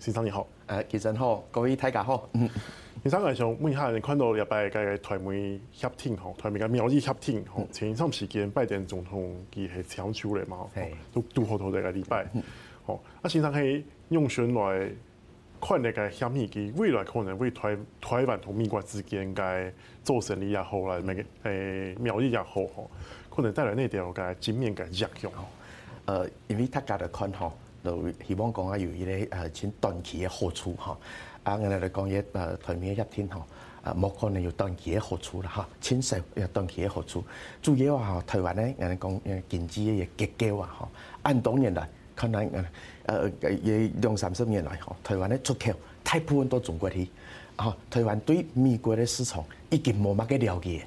先生你好，誒、呃，記者好，各位大家好。先生，我想問下，你看到入邊嘅台媒協定吼，台媒嘅貿易協定吼。前一段時間，拜登總統佢係簽署嚟嘛？都多好多個禮拜。哦，啊，先生係用選來看嘅協面機，未來可能為台台灣同美國之間嘅做生意也好，嚟咪誒貿易也好，可能帶來呢啲嘅正面嘅作用。誒、嗯呃，因為大家都看吼。希望講下有啲誒短期嘅好處嚇，啊，我來嚟講嘢，誒台面一一天啊，冇可能有短期嘅好處啦嚇，淺勢，有短期嘅好處。主要啊台灣咧，人哋講經濟嘅嘢，結構啊，好，按當年嚟，可能誒誒兩三十年嚟，台灣咧出口太普遍到中國去。啊，台灣、啊啊啊啊啊啊啊啊啊、對美國嘅市場已經冇乜嘅了解。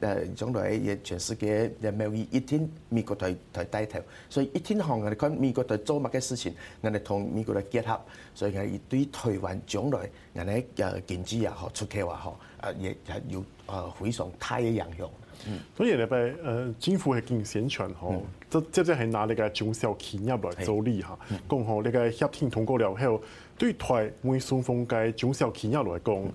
呃，將來也全世界也唔係一一天美國台台帶頭，所以一天行人哋看美國台做乜個事情，人哋同美國台結合，所以對對台灣將來們，人哋呃經濟也好，出口、啊、也好，誒也有誒非常大嘅影響。嗯，所以你咪呃，政府係進行宣傳嗬，即即係拿你個中小企業來做例嚇，講好你個協定通過了後，對台美雙方嘅中小企業來講。嗯嗯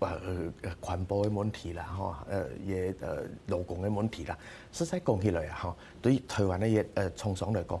誒，環保嘅問題啦，嗬，誒，嘢誒，勞工嘅問題啦，實際講起嚟啊，嗬，對於台灣呢，嘢誒創嚟講。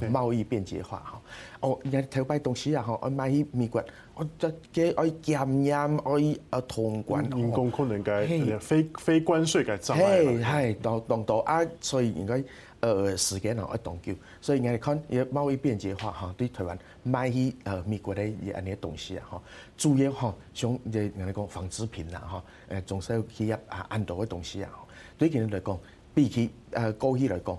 貿對 易便捷化、哦，嚇、哦！我人哋台灣東西啊，嚇，我賣去美國，我就佢我檢驗，我一呃通關，人工可能應該是非非關稅嘅障礙。係係，當當啊，所以應該呃時間啊，要長久，所以我哋看貿易便捷化嚇，對台灣賣去呃美國咧啲咁嘅東西啊，嚇，主要嚇想即係我哋講紡織品啦，嚇，誒中小企業啊，安度嘅東西啊，對佢哋來講比起呃過去來講。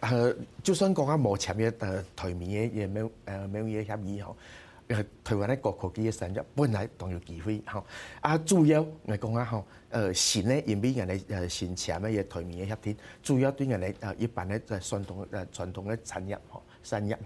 呃，就算講啊冇簽約誒台美嘅有，呃，誒有嘢協議嗬，誒台灣的高科技的產業，本來當要機會嚇，啊主要嚟講啊，嗬，呃，新咧，因為人哋呃，新簽的嘅台美嘅協調，主要對人哋呃，一般咧傳統誒傳統嘅產業嗬，產業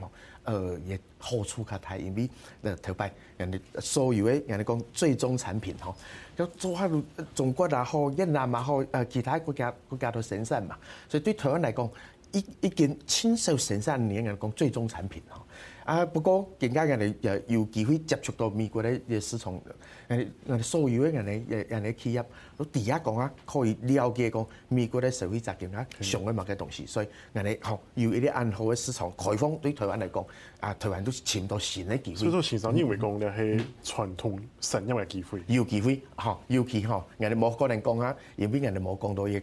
呃，誒嘢好處較大，因為呃，頭排人哋所有的，人哋講最終產品嗬，咁做喺中國也好，越南也好，呃，其他國家國家都生產嘛，所以對台灣嚟講。一一件親手生產人講，最終產品哦！啊不過更加人哋又有機會接觸到美國咧嘅市，市場，人哋人哋所有嘅人哋人哋企業都第一講啊，可以了解講美國嘅社會責任啊上嘅物嘅東西，所以人哋學有呢啲更好嘅市場開放對台灣嚟講啊台灣都潛到新嘅機會。所以都前十年嚟講就係傳統神一樣機會，有機會嚇尤其嚇人哋冇可能講啊，因為人哋冇講到嘢。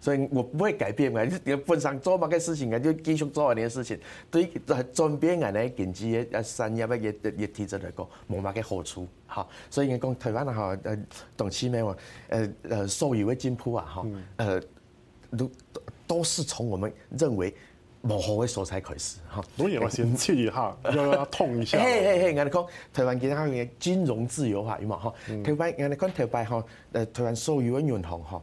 所以我不會改變噶，你你分上做某個事情噶，就繼續做啊啲事情，對在轉變啊，咧經濟啊啊產業啊，越越提升來講，冇冇個好處哈。所以應該講台灣的哈，呃，東西咩話，呃呃，收入嘅進步啊哈，呃都都是從我們認為冇好的所在開始哈。老楊，我先吹一下，要要痛一下。嘿嘿嘿，人家講台灣其他嘅金融自由化，有嘛？哈？台灣，人家講台灣哈，呃，台灣所有嘅銀行哈。